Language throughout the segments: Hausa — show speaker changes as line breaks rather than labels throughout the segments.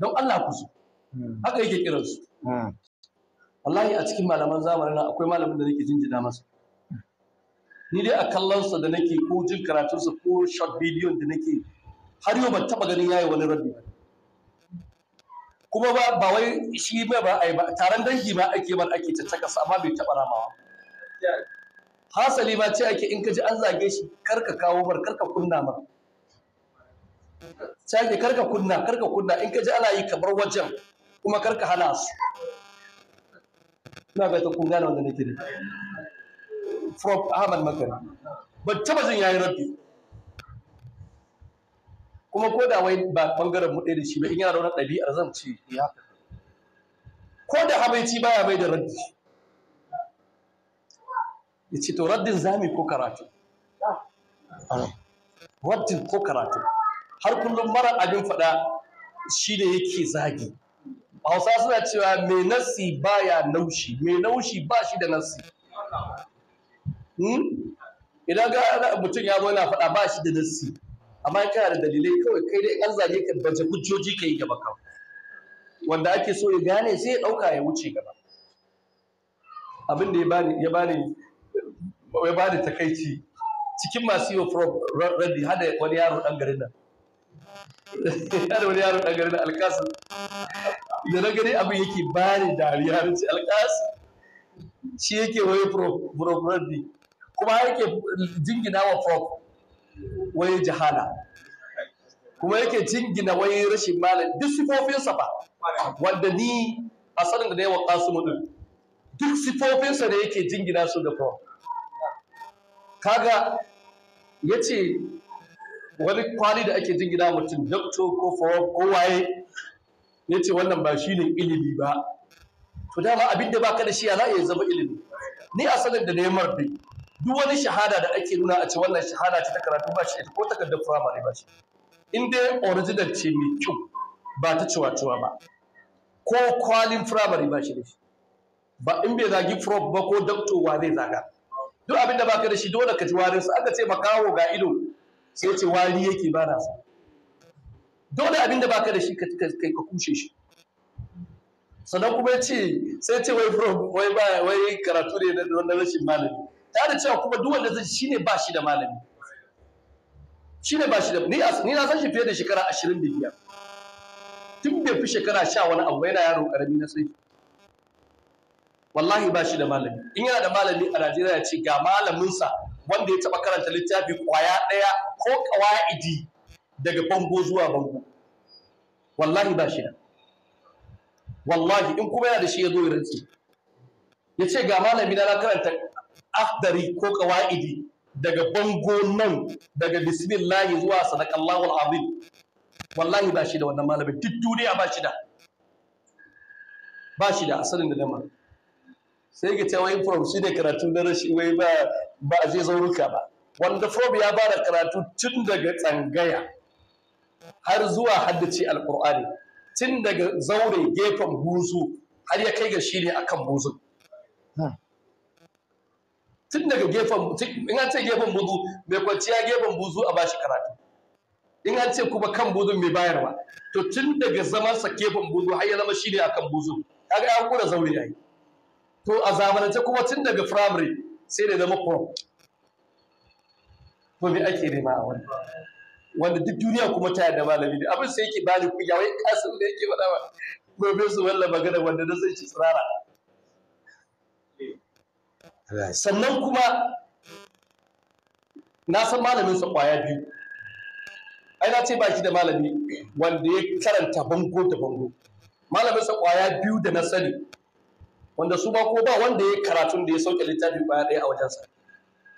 don Allah ku su hmm. haka yake kiran su hmm. wallahi a cikin malaman zamanin nan akwai malamin da nake jinjina masa ni dai a kallon sa da nake ko jin karatun sa ko short bidiyon da nake har yau ban taba ganin yayi wani rabbi kuma ba ba wai shi ba ba ai ba taron dangi ba ake ba ake tattaka sa amma bai taba ramawa hasali ba ce ake in ka ji an zage shi karka kawo bar karka kunna mar sai ke karka kunna karka kunna in ka ji ana yi kamar wajen kuma karka hana su ina ga ta kun gane wanda nake da from Ahmad Makari ban ta bazin yayi rabbi kuma ko da wai ba bangaren mu ɗaya da shi ba in yana da wani ɗabi'ar zan ce ya ko da habaici baya mai da raddi ya ce to raddin zami ko karatu raddin ko karatu har kullum mara abin faɗa shi da yake zagi hausa suna cewa mai nassi ya naushi mai naushi ba shi da nassi hmm? idan ga mutum ya zo yana faɗa ba shi da nassi amma kana da dalilai kawai kai dai an zage ka bace hujjoji ka yi gaba kan wanda ake so ya gane sai ya ɗauka ya wuce gaba abin da ya bani ya bani takaici cikin masu yi wa rugby hada wani yaro ɗan garin nan ya da wani yaron a garin alkasim da na gani abin yake bani dariya na ce alkasim shi yake wai property kuma yake jingina wa prop wai jahala kuma yake jingina wai rashin malam duk sifofinsa ba wanda ni a sanin da na yi wa kasimu din duk sifofinsa da yake jingina su da prop kaga ya ce wani kwali da ake jin gida mutum doctor ko ko waye ya ce wannan ba shi ne ilimi ba to dama abin da ka da shi ya za iya zama ilimi ni a sanar da neman bi duk wani shahada da ake nuna a ce wannan shahada ce ta karatu ba shi ne ko takardar firamare ba shi in dai original ce mai kyau ba ta ciwa-ciwa ba ko kwalin firamare ba shi ne ba in bai zagi prof ba ko dakto wa zai zaga duk abin da ka da shi dole ka ji warin su aka ce makaho ga ido sai ce wali yake ba na sa dole abinda baka da shi ka kai ka kushe shi sannan kuma ce sai ce wai from wai ba wai karatu ne da wannan rashin malami ta da cewa kuma duk wanda zai shine ba shi da malami shine ba shi da ni ni na san shi fiye da shekara 25 tun bai fi shekara 10 wani abu yana yaro karami na sai wallahi ba shi da malami in yana da malami a Najeriya ya ce ga malaminsa wanda ya taɓa karanta littafi ƙwaya ɗaya ko ƙawa'idi daga bango zuwa bango wallahi ba shi da wallahi in kuma yana da shi ya zo irinsu ya ce ga malami na karanta ahdari ko ƙawa'idi daga bango nan daga bismillahi zuwa sadakallahu al'azim wallahi ba shi da wannan malamin duk duniya ba shi da ba shi da asalin da lamar sai ga cewa prof shi ne karatu na rashi wai ba ba a je zauruka ba wanda prof ya ba da karatu tun daga tsangaya har zuwa haddace alkur'ani tun daga zaure gefen buzu har ya kai ga shi ne akan buzu tun daga gefen in an ce gefen buzu mai kwanciya gefen buzu a bashi karatu in an ce kuma kan buzun mai bayarwa to tun daga zamansa gefen buzu har ya zama shi ne akan buzun kaga ya kura zaure yayi to a zamanance kuma tun daga firamare sai da zama prom to me ake nema a wani wanda duk duniya kuma ta da malami ne abin sai yake bani kuya wai kasan da yake faɗa ba gobe su walla magana wanda na zai ci tsirara sannan kuma na san malamin sa kwaya biyu ai na ce ba shi da malami wanda ya karanta bango da bango malamin sa kwaya biyu da na sani wanda su ba ko ba wanda ya karatun da ya sauke littafi kwaya ɗaya a wajensa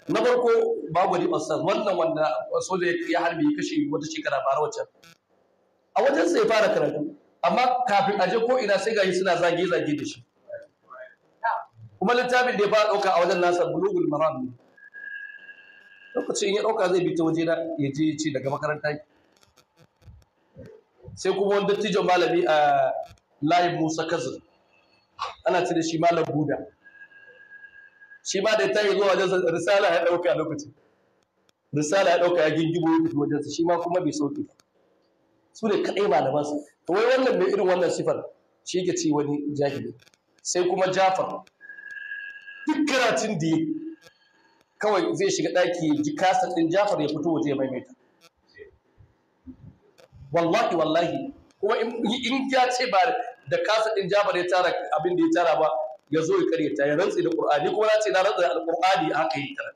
na farko babu liman wannan wanda wasu ya harbi ya kashe wata shekara bara wacce a wajensa ya fara karatu amma kafin aje ko ina sai ga yi suna zage zage da shi kuma littafin da ya fara ɗauka a wajen nasa bulugul maram ne lokacin ya ɗauka zai bi ta waje na ya je ya ce daga makaranta sai kuma wani dattijon malami a ah, layin musa kazin ana ce da shi malam buda shi ma da ta yi zuwa wajen risala ya ɗauka a lokaci risala ya ɗauka ya gingibo ya fito wajensa shi ma kuma bai sauke su ne kaɗai malamansa to wai wannan mai irin wannan sifar shi yake ce wani jahili sai kuma jafar duk karatun da kawai zai shiga ɗaki ya ji kasa ɗin jafar ya fito waje ya maimaita wallahi wallahi kuma in ya ce ba da kasa din jabar ya tara abin da ya tara ba ya zo ya karyata ya rantsi da qur'ani kuma na ce na rantsi da alqur'ani haka yi tara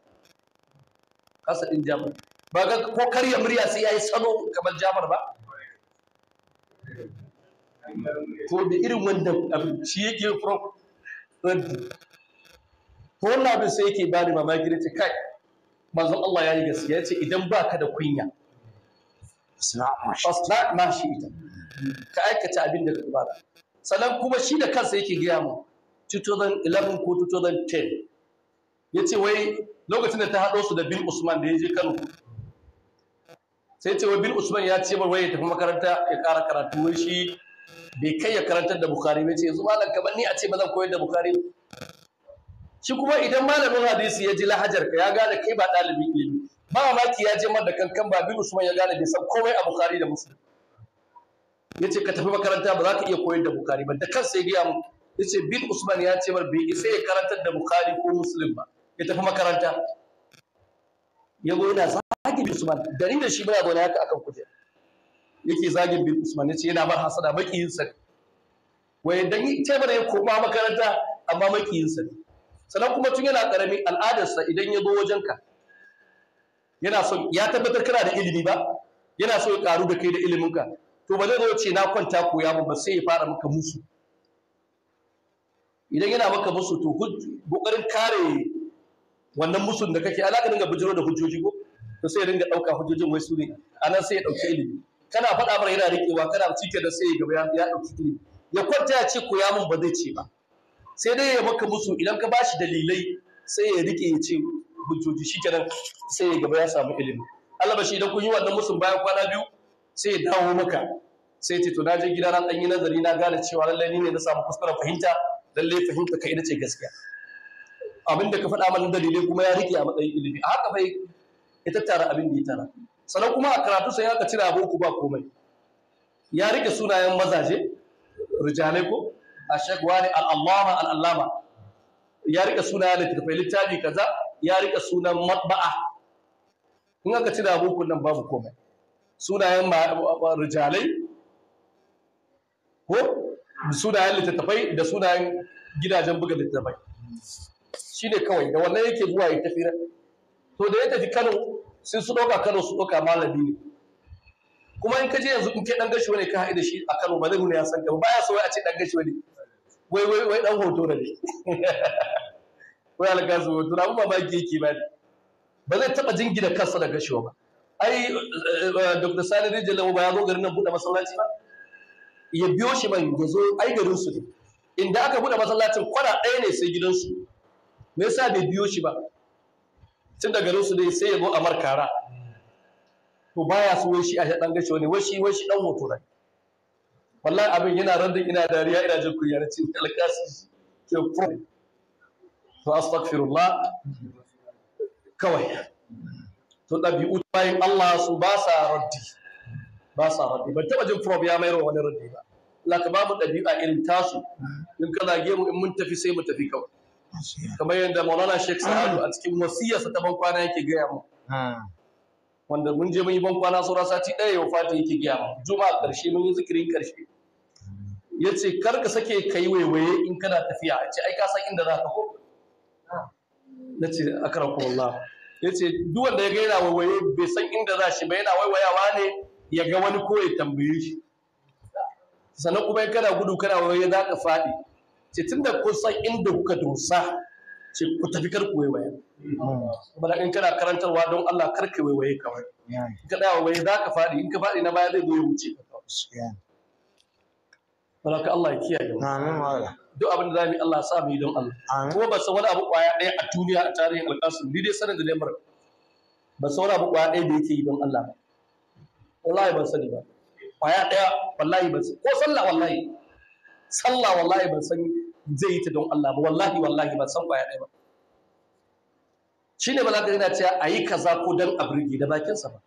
kasa din jabar ba ga ko karya murya sai yayi sano kamar jabar ba ko da irin wannan abin shi yake from ko na abin sai yake bani mamaki da ce kai manzon Allah ya yi gaskiya ya ce idan baka da kunya fasna ma shi ita ka aikata abin da ka bada sannan kuma shi da kansa yake gaya mu 2011 ko 2010 ya ce wai lokacin da ta haɗo su da bin usman da ya je kano sai ce wai bin usman ya ce wai ya tafi makaranta ya ƙara karatu wai shi bai kai ya karantar da bukari bai ce yanzu malam kamar ni a ce ba zan koyar da bukari shi kuma idan malamin hadisi ya ji lahajar ka ya gane kai ba ɗalibin ilimi ba mamaki ya je mar da kankan ba bin usman ya gane bai san komai a bukari da musulmi ya ce ka tafi makaranta ba za ka iya koyar da bukari ba da kansa ya gaya mu ya ce bin usman ya ce bai isa ya karantar da bukari ko musulun ba ya tafi makaranta ya goyi yana zagin bin usman da ni da shi muna gona haka akan kujera yake zagin bin usman ya ce yana bar hasada makiyinsa ne wai dan ita bane ya koma makaranta amma makiyinsa ne sannan kuma tun yana karami al'adarsa idan ya zo wajenka yana son ya tabbatar kana da ilimi ba yana so ya karu da kai da iliminka to ba zai zo ce na kwanta koya ba sai ya fara maka musu idan yana maka musu to kokarin kare wannan musun da kake alaka dinga bijiro da hujjoji ko to sai dinga dauka hujjojin wai su ne anan sai ya dauki ilimi kana faɗa bar yana riƙewa kana cike da sai ya gaba ya dauki ilimi ya kwanta ya ce koya mun ba zai ce ba sai dai ya maka musu idan ka bashi dalilai sai ya rike ya ce hujjoji kenan sai ya gaba ya samu ilimi Allah ba shi idan kun yi wannan musun bayan kwana biyu sai ya dawo maka sai ce to na je gida na dan yi nazari na gane cewa lallai ni ne na samu kuskure fahimta lallai fahimta ka ina ce gaskiya abin da ka faɗa mana dalilai kuma ya rike a matsayin ilimi a haka bai ya tattara abin da ya tara sannan kuma a karatu sai aka cire aboku ba komai ya rike sunayen mazaje rijalai ko a wani al'allama al'allama ya rike sunayen littattafai littafi kaza ya rike sunan matba'a in aka cire abokan nan babu komai sunayen rijalai ko sunayen littattafai da sunayen gidajen buga littattafai shi ne kawai da wannan yake zuwa ya tafi to da ya tafi kano sai su ɗauka kano su ɗauka malami ne kuma in ka je yanzu in ke ɗan gashi wani ka haɗe da shi a kano ba zai nuna ya san gaba? ba ya so a ce ɗan gashi wani wai wai wai ɗan hoto da ne wai alƙasu hoto na ba ba ke ke ba ne ba zai taɓa jingina kansa da gashiwa ba ai eh, eh, dr sani rijal ba ya zo garin nan buɗe masallaci ba ya biyo shi man ya zo ai garin su ne inda aka buɗe masallacin kwana ɗaya ne sai gidansu me yasa bai biyo shi ba tun da garin su ne sai ya zo a markara to baya su wai shi a dan gashi wani wai shi wai shi dan hoto ne wallahi abin yana randin ina dariya ina jin kunya na cikin alƙasi ke pro to astaghfirullah kawai to ɗabi'u bayan Allah su ba sa raddi ba sa raddi ban taɓa jin prof ya mayar wa wani raddi ba Allah ka babu ɗabi'a irin tasu in ka zage mu in mun tafi sai mu tafi kawai kamar yadda Maulana shek Sa'adu a cikin wasiyarsa ta kwana yake gaya mu wanda mun je mun yi ban bankwana saura sati ɗaya yau fati yake gaya mu juma'a ƙarshe mun yi zikirin ƙarshe ya ce kar ka sake ka yi waiwaye in kana tafiya a ce ai ka san inda za ka ko na ce a akarar kuma Allah ya ce duk wanda ya ga yana waiwaye bai san inda za shi ba yana waiwayawa ne ya ga wani ko ya tambaye shi sannan kuma in kana gudu kana waiwaye za ka faɗi ce tun da san inda kuka dosa ce ku tafi kar ku waiwaye kuma in kana karantarwa don Allah kar ka waiwaye kawai in ka da waiwaye za ka faɗi in ka faɗi na baya zai zo ya wuce ka kawai. Allah ya kiyaye. Amin wa Allah. duk abin da za mu yi Allah sa mu yi don Allah kuma ba san wani abu kwaya ɗaya a duniya a tarihin alƙasim ni dai sanin da lamar ba san wani abu kwaya ɗaya da yake yi don Allah wallahi ban sani ba kwaya ɗaya wallahi ban sani ko sallah wallahi sallah wallahi ban sani. zai yi ta don Allah ba wallahi wallahi ban san kwaya ɗaya ba shine ba za ka yana cewa a yi kaza ko don a birge da bakinsa ba